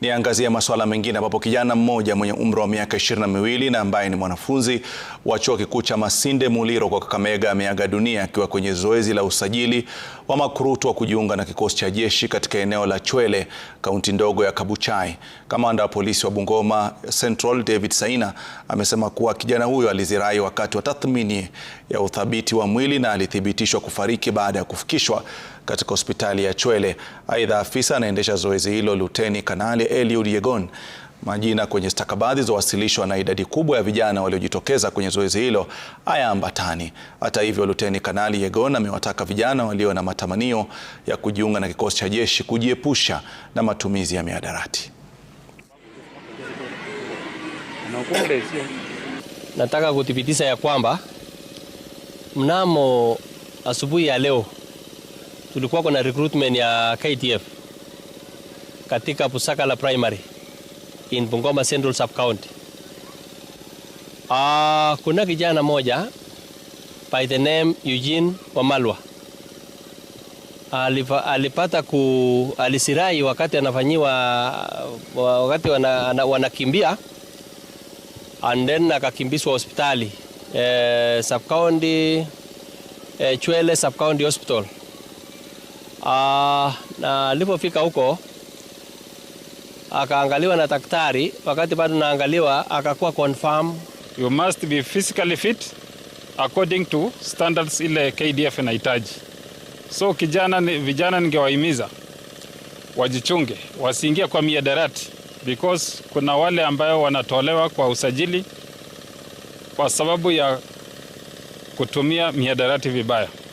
Niangazia masuala mengine ambapo kijana mmoja mwenye umri wa miaka ishirini na miwili na ambaye ni mwanafunzi wa chuo kikuu cha Masinde Muliro kwa Kakamega ameaga dunia akiwa kwenye zoezi la usajili wa makurutu wa kujiunga na kikosi cha jeshi katika eneo la Chwele, kaunti ndogo ya Kabuchai. Kamanda wa polisi wa Bungoma Central David Saina amesema kuwa kijana huyo alizirai wakati wa tathmini ya uthabiti wa mwili na alithibitishwa kufariki baada ya kufikishwa katika hospitali ya Chwele. Aidha, afisa anaendesha zoezi hilo Luteni Kanali Eliud Yegon majina kwenye stakabadhi wasilishwa na idadi kubwa ya vijana waliojitokeza kwenye zoezi hilo hayaambatani. Hata hivyo, Luteni Kanali Yegon amewataka vijana walio na matamanio ya kujiunga na kikosi cha jeshi kujiepusha na matumizi ya mihadarati. Nataka kuthibitisha ya kwamba mnamo asubuhi ya leo tulikuwa kuna recruitment ya ktf katika pusaka la Primary in Bungoma Central Sub County. Uh, kuna kijana moja by the name Eugene Wamalwa Alifa, alipata ku alisirai wakati anafanyiwa wakati wana, wanakimbia and then akakimbizwa hospitali eh, sub county eh, Chwele sub county hospital Aa, ah, na nilipofika huko akaangaliwa na daktari. Wakati bado naangaliwa, akakuwa confirm you must be physically fit according to standards ile KDF inahitaji. So kijana, vijana ningewahimiza wajichunge, wasiingie kwa miadarati because kuna wale ambayo wanatolewa kwa usajili kwa sababu ya kutumia miadarati vibaya.